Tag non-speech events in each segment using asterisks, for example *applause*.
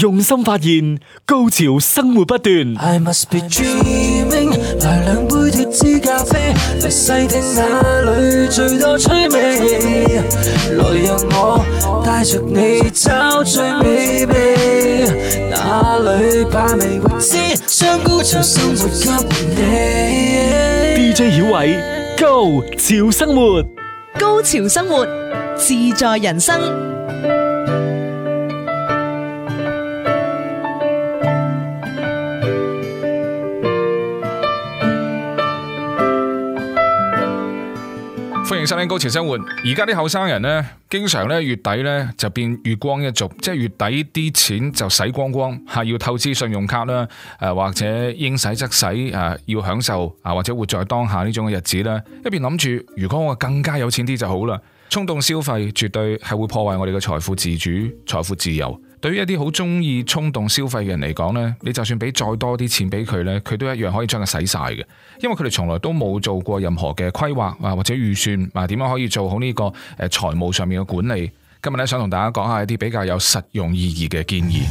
用心發現高潮生活不斷。來兩杯脫脂咖啡，來細聽那裏最多趣味。來讓我帶着你找最美秘，哪裏把味先將高潮生活給你。DJ 曉偉，高潮生活，高潮生活自在人生。細聲啲，高潮生活。而家啲後生人呢，經常咧月底呢就變月光一族，即係月底啲錢就洗光光，係要透支信用卡啦，誒或者應使則使，誒要享受啊或者活在當下呢種嘅日子呢。一邊諗住，如果我更加有錢啲就好啦。衝動消費絕對係會破壞我哋嘅財富自主、財富自由。對於一啲好中意衝動消費嘅人嚟講呢，你就算俾再多啲錢俾佢呢，佢都一樣可以將佢使晒嘅，因為佢哋從來都冇做過任何嘅規劃啊，或者預算啊，點樣可以做好呢個誒財務上面嘅管理？今日呢，想同大家講下一啲比較有實用意義嘅建議。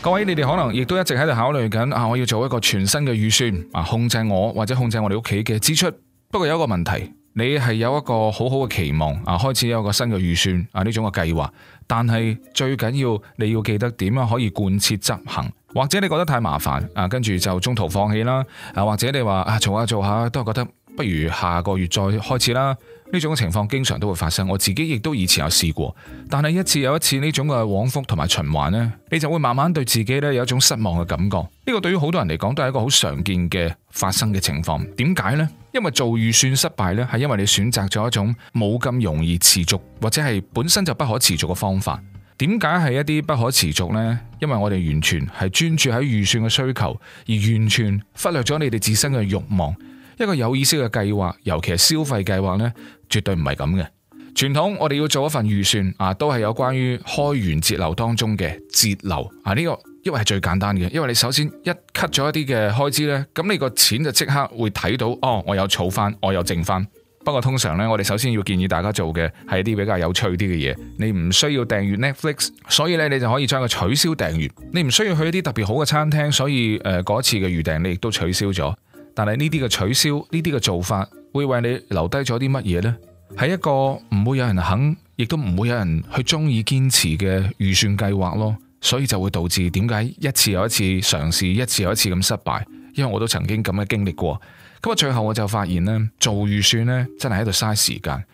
各位，你哋可能亦都一直喺度考慮緊啊，我要做一個全新嘅預算啊，控制我或者控制我哋屋企嘅支出。不過有一個問題。你係有一個好好嘅期望啊，開始有個新嘅預算啊，呢種嘅計劃，但係最緊要你要記得點樣可以貫徹執行，或者你覺得太麻煩啊，跟住就中途放棄啦，啊或者你話啊做下做下都係覺得不如下個月再開始啦。呢種嘅情況經常都會發生，我自己亦都以前有試過，但係一次又一次呢種嘅往復同埋循環呢你就會慢慢對自己呢有一種失望嘅感覺。呢個對於好多人嚟講都係一個好常見嘅發生嘅情況。點解呢？因為做預算失敗呢，係因為你選擇咗一種冇咁容易持續或者係本身就不可持續嘅方法。點解係一啲不可持續呢？因為我哋完全係專注喺預算嘅需求，而完全忽略咗你哋自身嘅欲望。一個有意思嘅計劃，尤其係消費計劃呢。絕對唔係咁嘅。傳統我哋要做一份預算啊，都係有關於開源節流當中嘅節流啊。呢個因為係最簡單嘅，因為你首先一 cut 咗一啲嘅開支呢，咁你個錢就即刻會睇到哦，我有儲翻，我有剩翻。不過通常呢，我哋首先要建議大家做嘅係一啲比較有趣啲嘅嘢。你唔需要訂閲 Netflix，所以呢，你就可以將佢取消訂閲。你唔需要去一啲特別好嘅餐廳，所以誒嗰次嘅預訂你亦都取消咗。但係呢啲嘅取消，呢啲嘅做法。會為你留低咗啲乜嘢呢？係一個唔會有人肯，亦都唔會有人去中意堅持嘅預算計劃咯，所以就會導致點解一次又一次嘗試，一次又一次咁失敗。因為我都曾經咁嘅經歷過，咁啊，最後我就發現呢，做預算呢真係喺度嘥時間，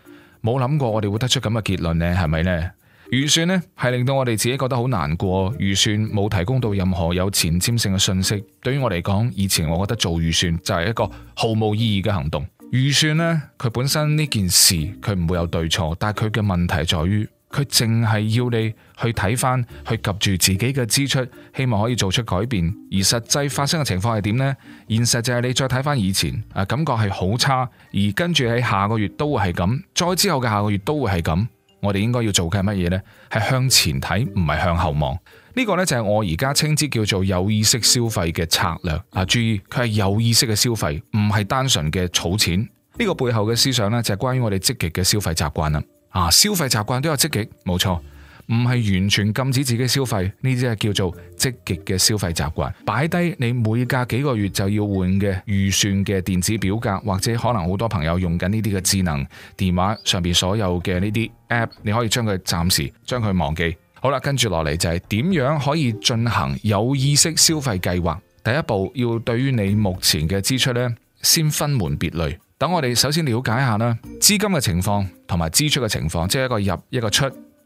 冇諗過我哋會得出咁嘅結論呢，係咪呢？預算呢係令到我哋自己覺得好難過，預算冇提供到任何有前瞻性嘅信息。對於我嚟講，以前我覺得做預算就係一個毫無意義嘅行動。預算呢，佢本身呢件事佢唔會有對錯，但係佢嘅問題在於，佢淨係要你去睇翻，去及住自己嘅支出，希望可以做出改變。而實際發生嘅情況係點呢？現實就係你再睇翻以前，啊感覺係好差，而跟住喺下個月都會係咁，再之後嘅下個月都會係咁。我哋應該要做嘅係乜嘢呢？係向前睇，唔係向後望。呢個呢，就係我而家稱之叫做有意識消費嘅策略啊。注意，佢係有意識嘅消費，唔係單純嘅儲錢。呢個背後嘅思想呢，就係關於我哋積極嘅消費習慣啦。啊，消費習慣都有積極，冇錯，唔係完全禁止自己消費。呢啲係叫做積極嘅消費習慣。擺低你每隔幾個月就要換嘅預算嘅電子表格，或者可能好多朋友用緊呢啲嘅智能電話上邊所有嘅呢啲 app，你可以將佢暫時將佢忘記。好啦，跟住落嚟就係點樣可以進行有意識消費計劃。第一步要對於你目前嘅支出呢，先分門別類。等我哋首先了解下啦，資金嘅情況同埋支出嘅情況，即係一個入一個出。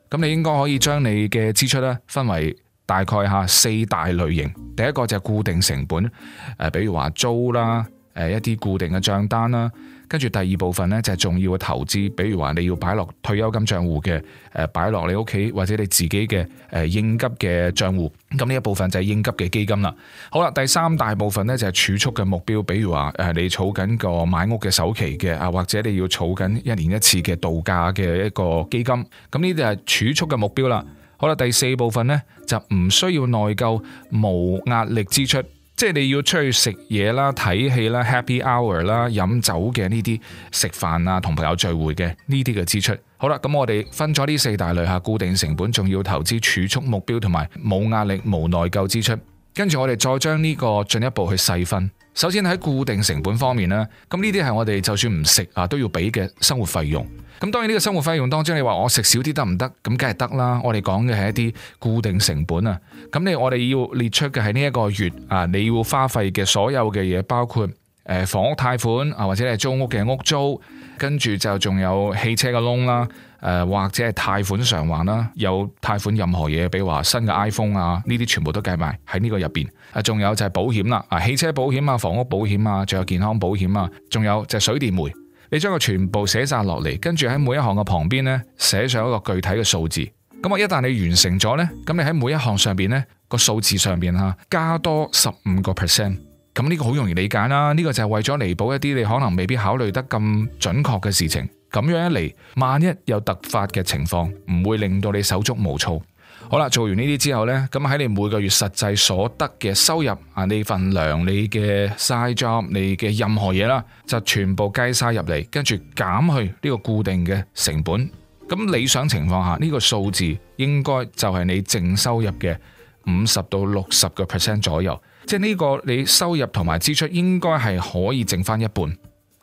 咁你應該可以將你嘅支出呢，分為大概下四大類型。第一個就係固定成本，呃、比如話租啦，誒、呃，一啲固定嘅賬單啦。跟住第二部分呢，就係重要嘅投資，比如話你要擺落退休金賬戶嘅，誒擺落你屋企或者你自己嘅誒應急嘅賬戶，咁呢一部分就係應急嘅基金啦。好啦，第三大部分呢，就係儲蓄嘅目標，比如話誒你儲緊個買屋嘅首期嘅啊，或者你要儲緊一年一次嘅度假嘅一個基金，咁呢啲係儲蓄嘅目標啦。好啦，第四部分呢，就唔需要內疚，無壓力支出。即係你要出去食嘢啦、睇戲啦、Happy Hour 啦、飲酒嘅呢啲食飯啊、同朋友聚會嘅呢啲嘅支出。好啦，咁我哋分咗呢四大類吓，固定成本、仲要投資儲蓄目標同埋冇壓力冇內疚支出。跟住我哋再將呢個進一步去細分。首先喺固定成本方面啦，咁呢啲係我哋就算唔食啊都要俾嘅生活費用。咁當然呢個生活費用當中，你話我食少啲得唔得？咁梗係得啦。我哋講嘅係一啲固定成本啊。咁你我哋要列出嘅係呢一個月啊，你要花費嘅所有嘅嘢，包括誒房屋貸款啊，或者係租屋嘅屋租，跟住就仲有汽車嘅 loan 啦，誒或者係貸款償還啦，有貸款任何嘢，比如話新嘅 iPhone 啊，呢啲全部都計埋喺呢個入邊。啊，仲有就係保險啦，啊汽車保險啊，房屋保險啊，仲有健康保險啊，仲有就係水電煤。你將佢全部寫晒落嚟，跟住喺每一項嘅旁邊咧寫上一個具體嘅數字。咁我一旦你完成咗呢，咁你喺每一項上邊呢個數字上邊吓加多十五個 percent。咁呢個好容易理解啦。呢個就係為咗彌補一啲你可能未必考慮得咁準確嘅事情。咁樣一嚟，萬一有突發嘅情況，唔會令到你手足無措。好啦，做完呢啲之後呢，咁喺你每個月實際所得嘅收入啊，你份糧、你嘅 side job、你嘅任何嘢啦，就全部計晒入嚟，跟住減去呢個固定嘅成本，咁理想情況下，呢、呢個數字應該就係你淨收入嘅五十到六十個 percent 左右，即係呢個你收入同埋支出應該係可以剩翻一半。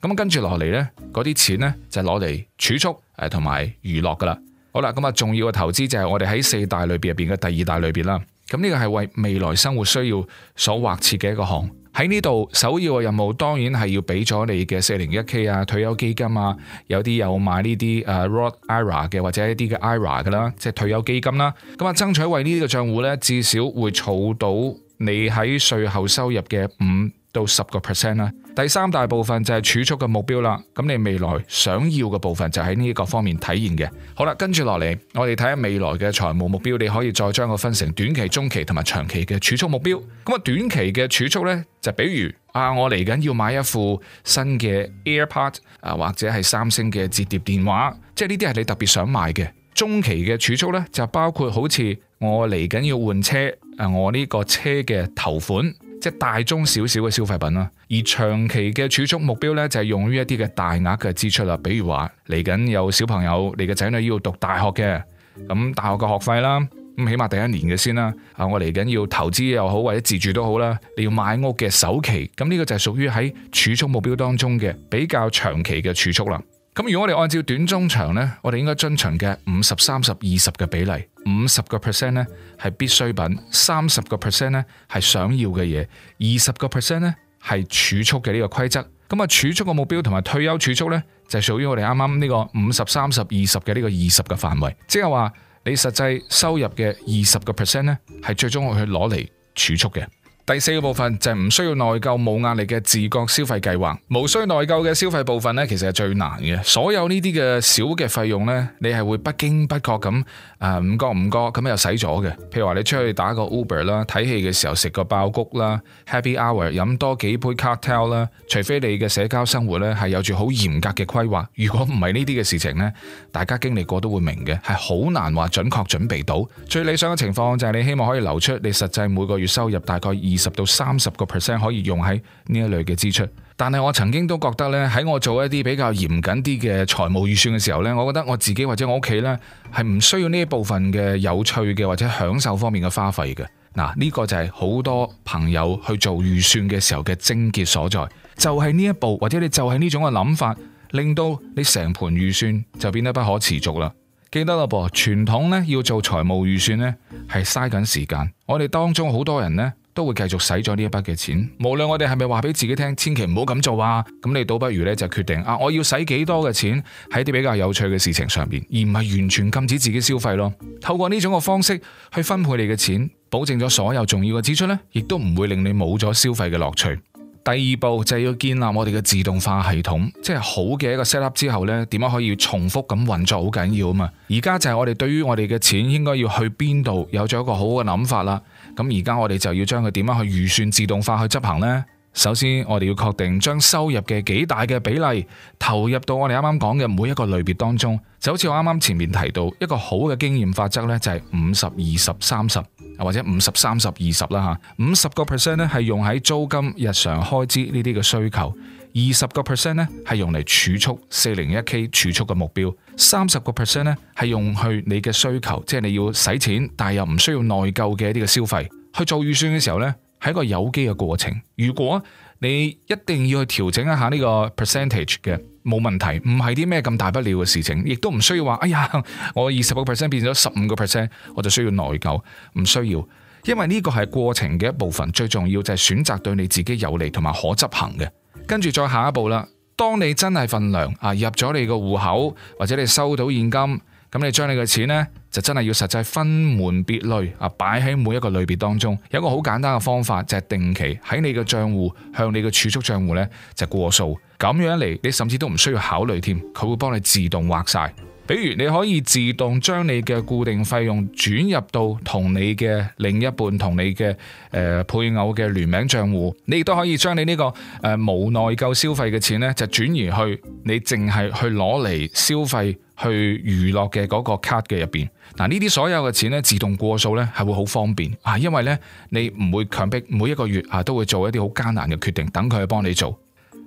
咁跟住落嚟呢，嗰啲錢呢，就攞嚟儲蓄誒同埋娛樂噶啦。好啦，咁啊重要嘅投資就係我哋喺四大類別入邊嘅第二大類別啦。咁呢個係為未來生活需要所劃設嘅一個項。喺呢度首要嘅任務當然係要俾咗你嘅四零一 K 啊、退休基金啊，有啲有買呢啲啊 Roth IRA 嘅或者一啲嘅 IRA 嘅啦，即係退休基金啦。咁啊，爭取為呢個帳戶呢，至少會儲到你喺稅後收入嘅五到十個 percent 啦。第三大部分就係儲蓄嘅目標啦。咁你未來想要嘅部分就喺呢一個方面體現嘅。好啦，跟住落嚟，我哋睇下未來嘅財務目標，你可以再將佢分成短期、中期同埋長期嘅儲蓄目標。咁啊，短期嘅儲蓄呢，就比如啊，我嚟緊要買一副新嘅 AirPods 啊，或者係三星嘅折疊電話，即係呢啲係你特別想買嘅。中期嘅儲蓄呢，就包括好似我嚟緊要換車，誒，我呢個車嘅頭款。即大中小小嘅消費品啦，而長期嘅儲蓄目標呢，就係用於一啲嘅大額嘅支出啦，比如話嚟緊有小朋友，你嘅仔女要讀大學嘅，咁大學嘅學費啦，咁起碼第一年嘅先啦，啊我嚟緊要投資又好，或者自住都好啦，你要買屋嘅首期，咁呢個就係屬於喺儲蓄目標當中嘅比較長期嘅儲蓄啦。咁如果我哋按照短、中、長呢，我哋應該遵循嘅五十三十二十嘅比例，五十個 percent 呢係必需品，三十個 percent 呢係想要嘅嘢，二十個 percent 呢係儲蓄嘅呢個規則。咁啊儲蓄嘅目標同埋退休儲蓄呢，就屬於我哋啱啱呢個五十三十二十嘅呢個二十嘅範圍，即係話你實際收入嘅二十個 percent 呢，係最終會去攞嚟儲蓄嘅。第四個部分就係、是、唔需要內疚、冇壓力嘅自覺消費計劃。無需內疚嘅消費部分呢，其實係最難嘅。所有呢啲嘅小嘅費用呢，你係會不經不覺咁啊，唔覺唔覺咁又使咗嘅。譬如話你出去打個 Uber 啦，睇戲嘅時候食個爆谷啦，Happy Hour 飲多幾杯 Cocktail 啦。除非你嘅社交生活呢係有住好嚴格嘅規劃。如果唔係呢啲嘅事情呢，大家經歷過都會明嘅，係好難話準確準備到。最理想嘅情況就係你希望可以留出你實際每個月收入大概二。二十到三十個 percent 可以用喺呢一類嘅支出，但係我曾經都覺得呢，喺我做一啲比較嚴謹啲嘅財務預算嘅時候呢，我覺得我自己或者我屋企呢係唔需要呢一部分嘅有趣嘅或者享受方面嘅花費嘅。嗱，呢個就係好多朋友去做預算嘅時候嘅症結所在，就係呢一步或者你就係呢種嘅諗法，令到你成盤預算就變得不可持續啦。記得啦，噃傳統呢要做財務預算呢係嘥緊時間，我哋當中好多人呢。都會繼續使咗呢一筆嘅錢，無論我哋係咪話俾自己聽，千祈唔好咁做啊！咁你倒不如咧就決定啊，我要使幾多嘅錢喺啲比較有趣嘅事情上面，而唔係完全禁止自己消費咯。透過呢種嘅方式去分配你嘅錢，保證咗所有重要嘅支出呢，亦都唔會令你冇咗消費嘅樂趣。第二步就係要建立我哋嘅自動化系統，即係好嘅一個 set up 之後呢，點樣可以重複咁運作好緊要啊嘛！而家就係我哋對於我哋嘅錢應該要去邊度，有咗一個好嘅諗法啦。咁而家我哋就要將佢點樣去預算自動化去執行呢？首先我哋要確定將收入嘅幾大嘅比例投入到我哋啱啱講嘅每一個類別當中，就好似我啱啱前面提到一個好嘅經驗法則呢，就係五十、二十、三十。或者五十三十二十啦吓，五十個 percent 咧係用喺租金、日常開支呢啲嘅需求，二十個 percent 咧係用嚟儲蓄四零一 K 儲蓄嘅目標，三十個 percent 咧係用去你嘅需求，即係你要使錢但又唔需要內疚嘅一啲嘅消費，去做預算嘅時候咧係一個有機嘅過程。如果你一定要去調整一下呢個 percentage 嘅。冇問題，唔係啲咩咁大不了嘅事情，亦都唔需要話，哎呀，我二十個 percent 變咗十五個 percent，我就需要內疚，唔需要，因為呢個係過程嘅一部分，最重要就係選擇對你自己有利同埋可執行嘅，跟住再下一步啦。當你真係份糧啊，入咗你個戶口或者你收到現金。咁你將你嘅錢呢，就真係要實際分門別類啊，擺喺每一個類別當中。有一個好簡單嘅方法，就係定期喺你嘅賬戶向你嘅儲蓄賬戶呢，就過數。咁樣一嚟，你甚至都唔需要考慮添，佢會幫你自動劃晒。比如你可以自動將你嘅固定費用轉入到同你嘅另一半同你嘅誒、呃、配偶嘅聯名帳戶，你亦都可以將你呢、這個誒、呃、無內疚消費嘅錢呢，就轉移去你淨係去攞嚟消費去娛樂嘅嗰個卡嘅入邊。嗱呢啲所有嘅錢呢，自動過數呢，係會好方便啊，因為呢，你唔會強迫每一個月啊都會做一啲好艱難嘅決定，等佢去幫你做。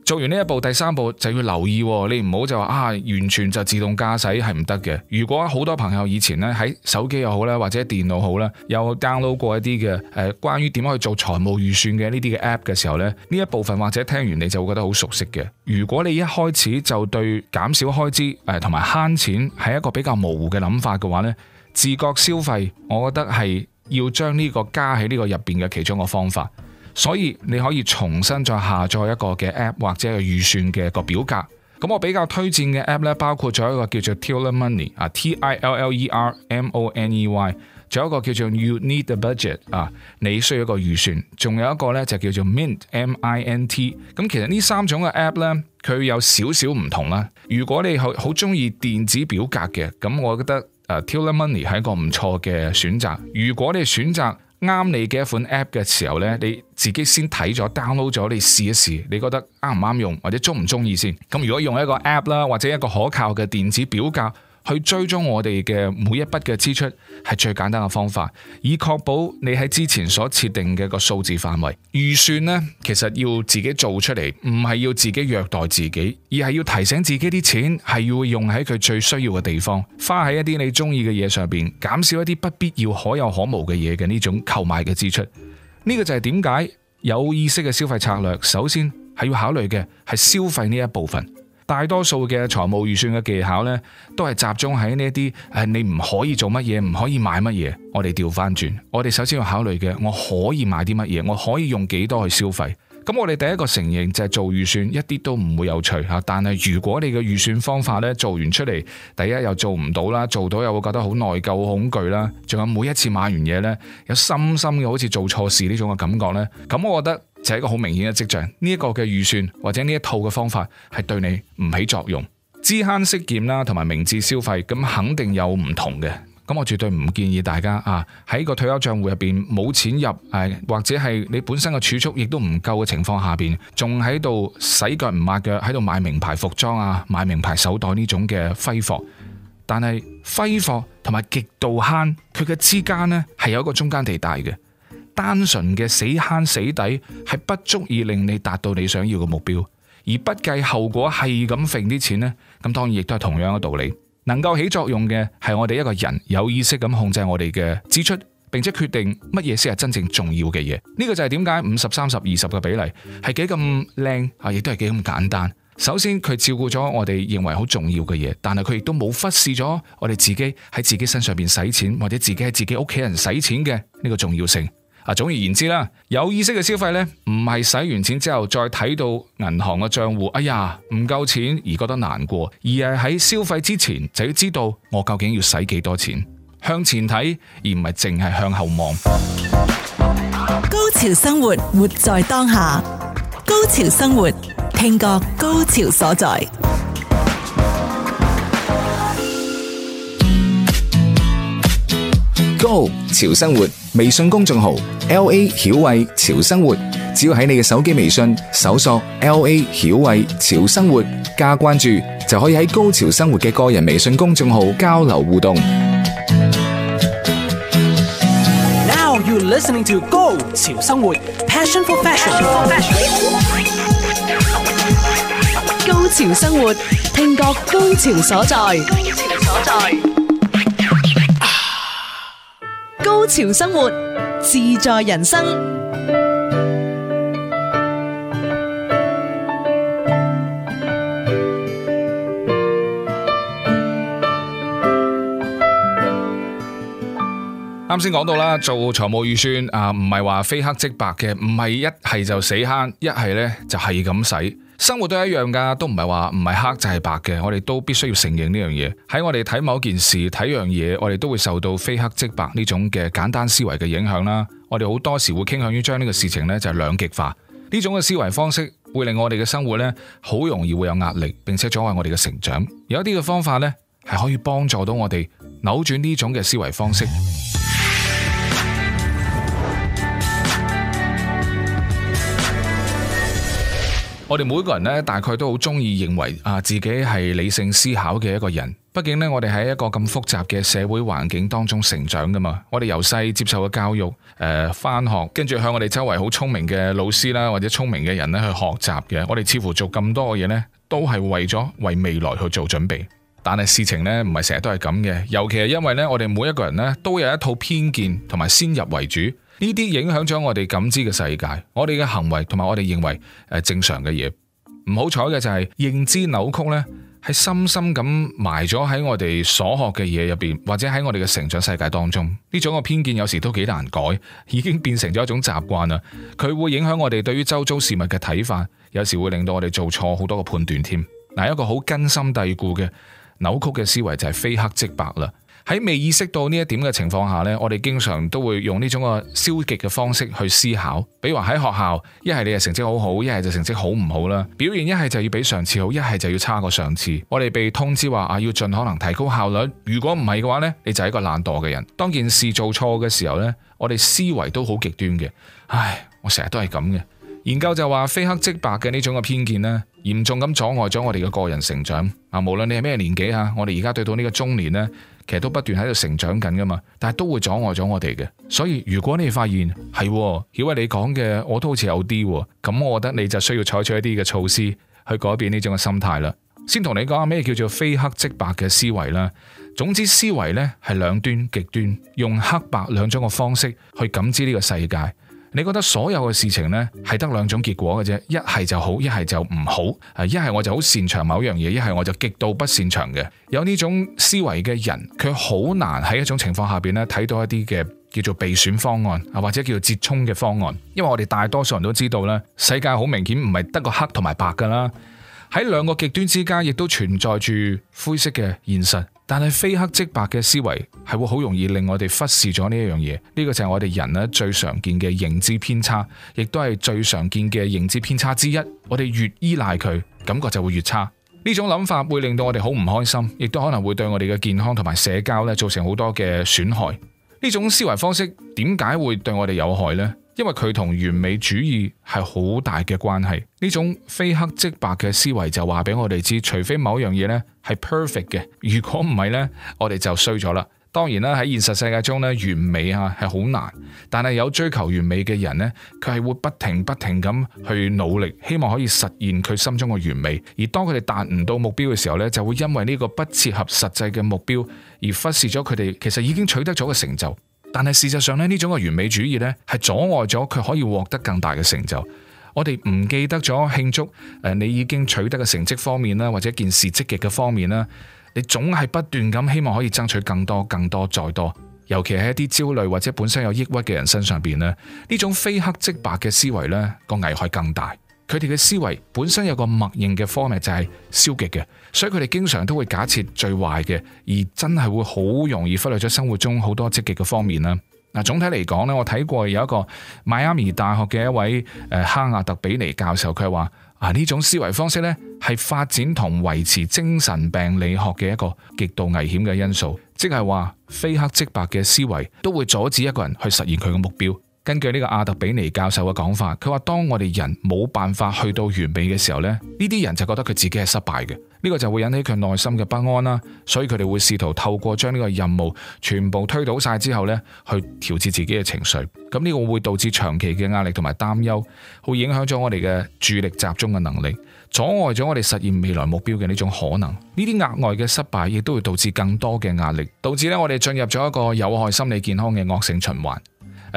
做完呢一步，第三步就要留意，你唔好就話啊，完全就自動駕駛係唔得嘅。如果好多朋友以前呢，喺手機又好啦，或者電腦好啦，有 download 過一啲嘅誒關於點樣去做財務預算嘅呢啲嘅 app 嘅時候呢，呢一部分或者聽完你就會覺得好熟悉嘅。如果你一開始就對減少開支誒同埋慳錢係一個比較模糊嘅諗法嘅話呢，自覺消費，我覺得係要將呢個加喺呢個入邊嘅其中一個方法。所以你可以重新再下載一個嘅 app 或者一個預算嘅個表格。咁我比較推薦嘅 app 咧，包括咗一個叫做 Tiller Money 啊，T-I-L-L-E-R M-O-N-E-Y，仲有一個叫做 You Need A Budget 啊，你需要一個預算。仲有一個咧就叫做 Mint M-I-N-T。咁其實呢三種嘅 app 咧，佢有少少唔同啦。如果你好好中意電子表格嘅，咁我覺得誒 Tiller Money 係一個唔錯嘅選擇。如果你選擇，啱你嘅一款 app 嘅時候咧，你自己先睇咗 download 咗，你試一試，你覺得啱唔啱用或者鍾唔鍾意先。咁如果用一個 app 啦，或者一個可靠嘅電子表格。去追蹤我哋嘅每一筆嘅支出係最簡單嘅方法，以確保你喺之前所設定嘅個數字範圍。預算呢，其實要自己做出嚟，唔係要自己虐待自己，而係要提醒自己啲錢係要用喺佢最需要嘅地方，花喺一啲你中意嘅嘢上邊，減少一啲不必要可有可無嘅嘢嘅呢種購買嘅支出。呢、這個就係點解有意識嘅消費策略，首先係要考慮嘅係消費呢一部分。大多數嘅財務預算嘅技巧呢，都係集中喺呢一啲係，你唔可以做乜嘢，唔可以買乜嘢。我哋調翻轉，我哋首先要考慮嘅，我可以買啲乜嘢，我可以用幾多去消費。咁我哋第一個承認就係做預算一啲都唔會有趣吓。但係如果你嘅預算方法呢，做完出嚟，第一又做唔到啦，做到又會覺得好內疚、恐懼啦。仲有每一次買完嘢呢，有深深嘅好似做錯事呢種嘅感覺呢。咁我覺得。就係一個好明顯嘅跡象，呢、呢、一個嘅預算或者呢一套嘅方法係對你唔起作用。知慳識儉啦，同埋明智消費，咁肯定有唔同嘅。咁我絕對唔建議大家啊，喺個退休帳戶入邊冇錢入，啊、或者係你本身嘅儲蓄亦都唔夠嘅情況下邊，仲喺度洗腳唔抹腳，喺度買名牌服裝啊，買名牌手袋呢種嘅揮霍。但係揮霍同埋極度慳佢嘅之間呢，係有一個中間地帶嘅。單純嘅死慳死抵係不足以令你達到你想要嘅目標，而不計後果係咁揈啲錢呢，咁當然亦都係同樣嘅道理。能夠起作用嘅係我哋一個人有意識咁控制我哋嘅支出，並且決定乜嘢先係真正重要嘅嘢。呢個就係點解五十三十二十嘅比例係幾咁靚啊？亦都係幾咁簡單。首先佢照顧咗我哋認為好重要嘅嘢，但係佢亦都冇忽視咗我哋自己喺自己身上邊使錢或者自己喺自己屋企人使錢嘅呢個重要性。啊，總而言之啦，有意識嘅消費咧，唔係使完錢之後再睇到銀行嘅賬戶，哎呀，唔夠錢而覺得難過，而係喺消費之前就要知道我究竟要使幾多錢，向前睇而唔係淨係向後望。高潮生活，活在當下。高潮生活，聽覺高潮所在。高潮生活微信公眾號。L A 曉慧潮生活，只要喺你嘅手機微信搜索 L A 曉慧潮生活加關注，就可以喺高潮生活嘅個人微信公眾號交流互動。Now you're listening to 高潮生活，Passion for Fashion。高潮生活，聽覺高潮所在，高潮所在。高潮生活。自在人生。啱先講到啦，做財務預算啊，唔係話非黑即白嘅，唔係一係就死慳，一係咧就係咁使。生活都係一樣噶，都唔係話唔係黑就係白嘅。我哋都必須要承認呢樣嘢，喺我哋睇某件事睇樣嘢，我哋都會受到非黑即白呢種嘅簡單思維嘅影響啦。我哋好多時會傾向於將呢個事情呢就係兩極化，呢種嘅思維方式會令我哋嘅生活呢好容易會有壓力，並且阻礙我哋嘅成長。有一啲嘅方法呢係可以幫助到我哋扭轉呢種嘅思維方式。我哋每個人呢，大概都好中意認為啊，自己係理性思考嘅一個人。畢竟呢，我哋喺一個咁複雜嘅社會環境當中成長噶嘛。我哋由細接受嘅教育，誒、呃，翻學，跟住向我哋周圍好聰明嘅老師啦，或者聰明嘅人呢去學習嘅。我哋似乎做咁多嘅嘢呢，都係為咗為未來去做準備。但係事情呢，唔係成日都係咁嘅。尤其係因為呢，我哋每一個人呢，都有一套偏見同埋先入為主。呢啲影響咗我哋感知嘅世界，我哋嘅行為同埋我哋認為誒正常嘅嘢，唔好彩嘅就係認知扭曲呢，係深深咁埋咗喺我哋所學嘅嘢入邊，或者喺我哋嘅成長世界當中，呢種嘅偏見有時都幾難改，已經變成咗一種習慣啦。佢會影響我哋對於周遭事物嘅睇法，有時會令到我哋做錯好多嘅判斷添。嗱，一個好根深蒂固嘅扭曲嘅思維就係非黑即白啦。喺未意識到呢一點嘅情況下呢，我哋經常都會用呢種個消極嘅方式去思考，比如話喺學校一係你嘅成績好好，一係就成績好唔好啦。表現一係就要比上次好，一係就要差過上次。我哋被通知話啊，要盡可能提高效率。如果唔係嘅話呢，你就係一個懶惰嘅人。當件事做錯嘅時候呢，我哋思維都好極端嘅。唉，我成日都係咁嘅。研究就話非黑即白嘅呢種嘅偏見呢，嚴重咁阻礙咗我哋嘅個人成長啊。無論你係咩年紀啊，我哋而家對到呢個中年呢。其實都不斷喺度成長緊噶嘛，但係都會阻礙咗我哋嘅。所以如果你發現係，曉威 *noise* 你講嘅我都好似有啲，咁我覺得你就需要採取一啲嘅措施去改變呢種嘅心態啦。先同你講下咩叫做非黑即白嘅思維啦。總之思維呢係兩端極端，用黑白兩種嘅方式去感知呢個世界。你覺得所有嘅事情呢，係得兩種結果嘅啫，一係就好，一係就唔好，一係我就好擅長某樣嘢，一係我就極度不擅長嘅。有呢種思維嘅人，佢好難喺一種情況下邊呢睇到一啲嘅叫做備選方案啊，或者叫做折衝嘅方案。因為我哋大多數人都知道啦，世界好明顯唔係得個黑同埋白㗎啦，喺兩個極端之間亦都存在住灰色嘅現實。但係非黑即白嘅思維係會好容易令我哋忽視咗呢一樣嘢，呢個就係我哋人咧最常見嘅認知偏差，亦都係最常見嘅認知偏差之一。我哋越依賴佢，感覺就會越差。呢種諗法會令到我哋好唔開心，亦都可能會對我哋嘅健康同埋社交咧造成好多嘅損害。呢種思維方式點解會對我哋有害呢？因為佢同完美主義係好大嘅關係，呢種非黑即白嘅思維就話俾我哋知，除非某樣嘢呢係 perfect 嘅，如果唔係呢，我哋就衰咗啦。當然啦，喺現實世界中呢，完美呀係好難，但係有追求完美嘅人呢，佢係會不停不停咁去努力，希望可以實現佢心中嘅完美。而當佢哋達唔到目標嘅時候呢，就會因為呢個不切合實際嘅目標，而忽視咗佢哋其實已經取得咗嘅成就。但係事實上咧，呢種嘅完美主義呢，係阻礙咗佢可以獲得更大嘅成就。我哋唔記得咗慶祝誒，你已經取得嘅成績方面啦，或者件事積極嘅方面啦，你總係不斷咁希望可以爭取更多、更多、再多。尤其係一啲焦慮或者本身有抑鬱嘅人身上邊呢。呢種非黑即白嘅思維呢，個危害更大。佢哋嘅思維本身有個默認嘅方面，就係消極嘅，所以佢哋經常都會假設最壞嘅，而真係會好容易忽略咗生活中好多積極嘅方面啦。嗱，總體嚟講咧，我睇過有一個邁阿密大學嘅一位誒哈亞特比尼教授，佢話啊，呢種思維方式咧係發展同維持精神病理學嘅一個極度危險嘅因素，即係話非黑即白嘅思維都會阻止一個人去實現佢嘅目標。根據呢個阿特比尼教授嘅講法，佢話當我哋人冇辦法去到完美嘅時候咧，呢啲人就覺得佢自己係失敗嘅，呢個就會引起佢內心嘅不安啦。所以佢哋會試圖透過將呢個任務全部推倒晒之後呢去調節自己嘅情緒。咁呢個會導致長期嘅壓力同埋擔憂，會影響咗我哋嘅注意力集中嘅能力，阻礙咗我哋實現未來目標嘅呢種可能。呢啲額外嘅失敗亦都會導致更多嘅壓力，導致呢我哋進入咗一個有害心理健康嘅惡性循環。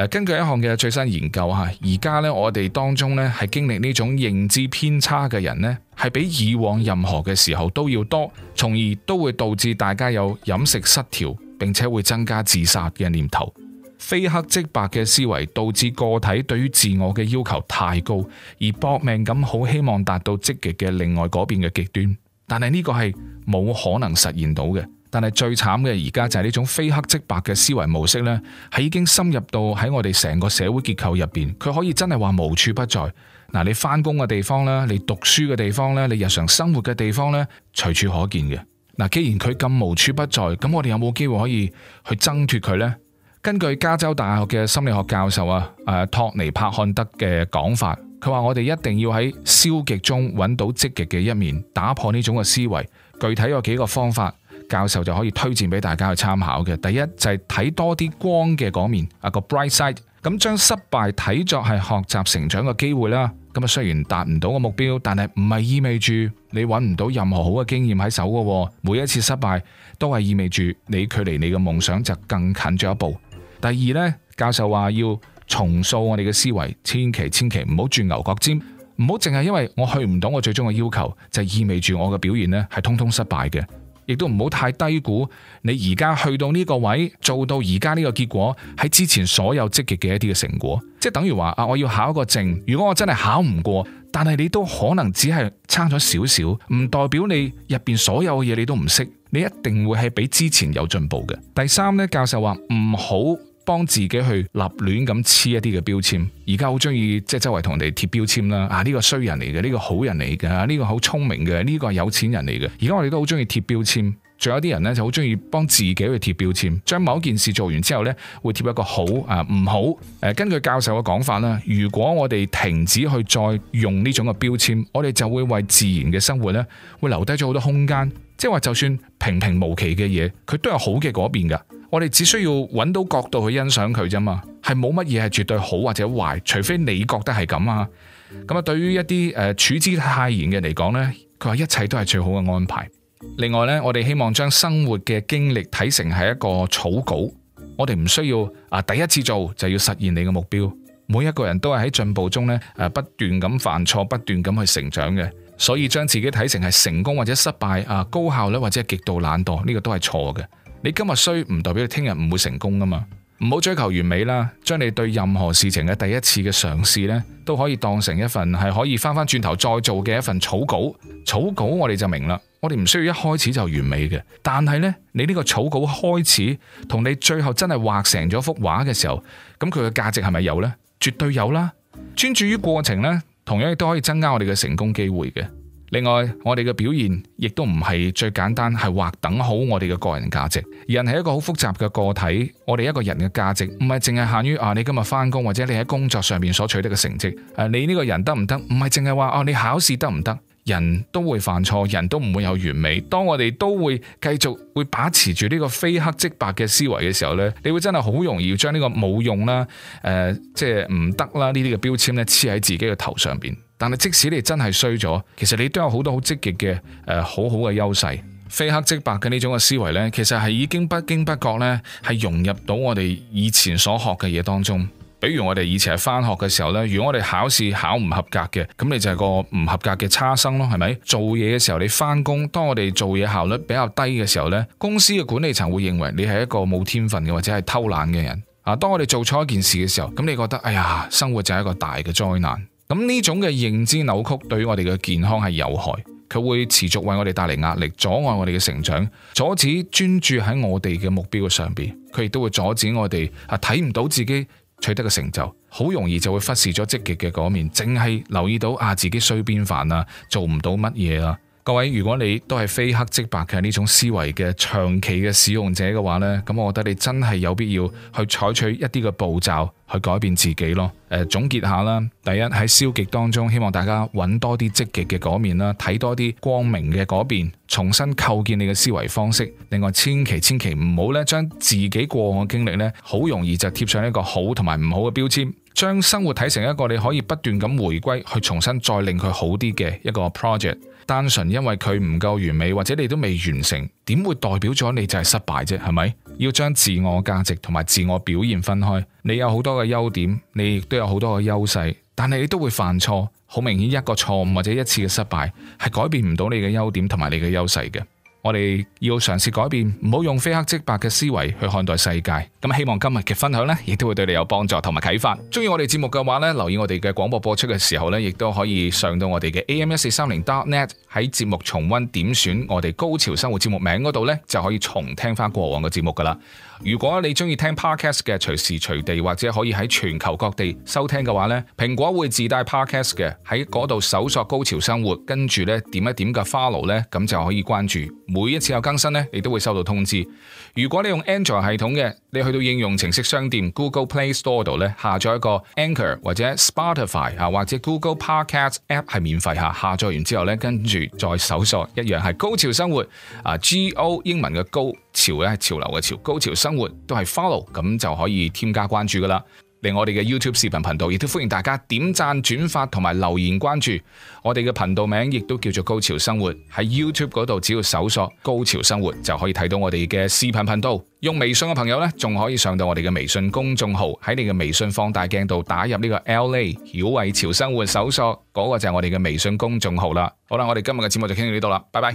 根據一項嘅最新研究吓，而家咧我哋當中咧，係經歷呢種認知偏差嘅人咧，係比以往任何嘅時候都要多，從而都會導致大家有飲食失調，並且會增加自殺嘅念頭。非黑即白嘅思維導致個體對於自我嘅要求太高，而搏命咁好希望達到積極嘅另外嗰邊嘅極端，但係呢個係冇可能實現到嘅。但係最慘嘅而家就係呢種非黑即白嘅思維模式呢，係已經深入到喺我哋成個社會結構入邊。佢可以真係話無處不在嗱。你翻工嘅地方啦，你讀書嘅地方啦，你日常生活嘅地方咧，隨處可見嘅嗱。既然佢咁無處不在，咁我哋有冇機會可以去掙脫佢呢？根據加州大學嘅心理學教授啊，托尼帕漢德嘅講法，佢話我哋一定要喺消極中揾到積極嘅一面，打破呢種嘅思維。具體有幾個方法？教授就可以推薦俾大家去參考嘅。第一就係睇多啲光嘅嗰面啊，個 bright side。咁將失敗睇作係學習成長嘅機會啦。咁啊，雖然達唔到個目標，但係唔係意味住你揾唔到任何好嘅經驗喺手嘅。每一次失敗都係意味住你距離你嘅夢想就更近咗一步。第二咧，教授話要重塑我哋嘅思維，千祈千祈唔好轉牛角尖，唔好淨係因為我去唔到我最終嘅要求，就意味住我嘅表現咧係通通失敗嘅。亦都唔好太低估你而家去到呢個位，做到而家呢個結果，喺之前所有積極嘅一啲嘅成果，即係等於話啊，我要考一個證，如果我真係考唔過，但係你都可能只係差咗少少，唔代表你入邊所有嘅嘢你都唔識，你一定會係比之前有進步嘅。第三呢，教授話唔好。幫自己去立亂咁黐一啲嘅標籤，而家好鍾意即係周圍同人哋貼標籤啦。啊，呢個衰人嚟嘅，呢個好人嚟嘅，呢個好聰明嘅，呢個係有錢人嚟嘅。而家我哋都好鍾意貼標籤。啊這個仲有啲人咧就好中意幫自己去貼標籤，將某一件事做完之後呢，會貼一個好啊唔好誒。根據教授嘅講法啦，如果我哋停止去再用呢種嘅標籤，我哋就會為自然嘅生活呢會留低咗好多空間。即係話，就算平平無奇嘅嘢，佢都有好嘅嗰邊噶。我哋只需要揾到角度去欣賞佢啫嘛，係冇乜嘢係絕對好或者壞，除非你覺得係咁啊。咁啊，對於一啲誒處之泰然嘅嚟講呢，佢話一切都係最好嘅安排。另外咧，我哋希望將生活嘅經歷睇成係一個草稿，我哋唔需要啊第一次做就要實現你嘅目標。每一個人都係喺進步中呢，誒不斷咁犯錯，不斷咁去成長嘅。所以將自己睇成係成功或者失敗啊，高效率或者係極度懶惰，呢個都係錯嘅。你今日衰唔代表你聽日唔會成功㗎嘛，唔好追求完美啦。將你對任何事情嘅第一次嘅嘗試呢，都可以當成一份係可以翻翻轉頭再做嘅一份草稿。草稿我哋就明啦。我哋唔需要一開始就完美嘅，但係呢，你呢個草稿開始同你最後真係畫成咗幅畫嘅時候，咁佢嘅價值係咪有呢？絕對有啦！專注於過程呢，同樣亦都可以增加我哋嘅成功機會嘅。另外，我哋嘅表現亦都唔係最簡單，係劃等號我哋嘅個人價值。人係一個好複雜嘅個體，我哋一個人嘅價值唔係淨係限於啊，你今日翻工或者你喺工作上面所取得嘅成績。誒、啊，你呢個人得唔得？唔係淨係話哦，你考試得唔得？人都會犯錯，人都唔會有完美。當我哋都會繼續會把持住呢個非黑即白嘅思維嘅時候呢，你會真係好容易將呢個冇用啦、誒、呃、即係唔得啦呢啲嘅標籤呢，黐喺自己嘅頭上邊。但係即使你真係衰咗，其實你都有很多很積極、呃、好多好積極嘅誒好好嘅優勢。非黑即白嘅呢種嘅思維呢，其實係已經不經不覺呢，係融入到我哋以前所學嘅嘢當中。比如我哋以前係翻學嘅時候，呢如果我哋考試考唔合格嘅，咁你就係個唔合格嘅差生咯，係咪？做嘢嘅時候你翻工，當我哋做嘢效率比較低嘅時候，呢公司嘅管理層會認為你係一個冇天分嘅或者係偷懶嘅人。啊，當我哋做錯一件事嘅時候，咁你覺得哎呀，生活就係一個大嘅災難。咁呢種嘅認知扭曲對於我哋嘅健康係有害，佢會持續為我哋帶嚟壓力，阻礙我哋嘅成長，阻止專注喺我哋嘅目標嘅上邊。佢亦都會阻止我哋啊睇唔到自己。取得嘅成就，好容易就會忽視咗積極嘅嗰面，淨係留意到啊自己衰邊煩啊，做唔到乜嘢啊。各位，如果你都係非黑即白嘅呢種思維嘅長期嘅使用者嘅話呢，咁我覺得你真係有必要去採取一啲嘅步驟去改變自己咯。誒、呃，總結下啦，第一喺消極當中，希望大家揾多啲積極嘅嗰面啦，睇多啲光明嘅嗰邊，重新構建你嘅思維方式。另外，千祈千祈唔好呢將自己過往嘅經歷呢，好容易就貼上一個好同埋唔好嘅標籤，將生活睇成一個你可以不斷咁回歸去重新再令佢好啲嘅一個 project。單純因為佢唔夠完美，或者你都未完成，點會代表咗你就係失敗啫？係咪？要將自我價值同埋自我表現分開。你有好多嘅優點，你亦都有好多嘅優勢，但係你都會犯錯。好明顯，一個錯誤或者一次嘅失敗，係改變唔到你嘅優點同埋你嘅優勢嘅。我哋要嘗試改變，唔好用非黑即白嘅思維去看待世界。咁希望今日嘅分享呢，亦都會對你有幫助同埋啟發。中意我哋節目嘅話呢，留意我哋嘅廣播播出嘅時候呢，亦都可以上到我哋嘅 AM 一四三零 dot net 喺節目重溫點選我哋高潮生活節目名嗰度呢，就可以重聽翻過往嘅節目噶啦。如果你中意聽 Podcast 嘅，隨時隨地或者可以喺全球各地收聽嘅話呢，蘋果會自帶 Podcast 嘅，喺嗰度搜索高潮生活，跟住呢點一點嘅 follow 呢，咁就可以關注，每一次有更新呢，你都會收到通知。如果你用 Android 系統嘅，你去到應用程式商店 Google Play Store 度呢，下載一個 Anchor 或者 Spotify 啊，或者 Google Podcast App 係免費吓，下載完之後呢，跟住再搜索一樣係高潮生活啊，G O 英文嘅高。潮咧，係潮流嘅潮，高潮生活都係 follow，咁就可以添加關注噶啦。嚟我哋嘅 YouTube 視頻頻道，亦都歡迎大家點讚、轉發同埋留言關注我哋嘅頻道名，亦都叫做高潮生活。喺 YouTube 嗰度只要搜索高潮生活就可以睇到我哋嘅視頻頻道。用微信嘅朋友呢，仲可以上到我哋嘅微信公眾號。喺你嘅微信放大鏡度打入呢個 LA 曉偉潮生活，搜索嗰個就係我哋嘅微信公眾號啦。好啦，我哋今日嘅節目就傾到呢度啦，拜拜。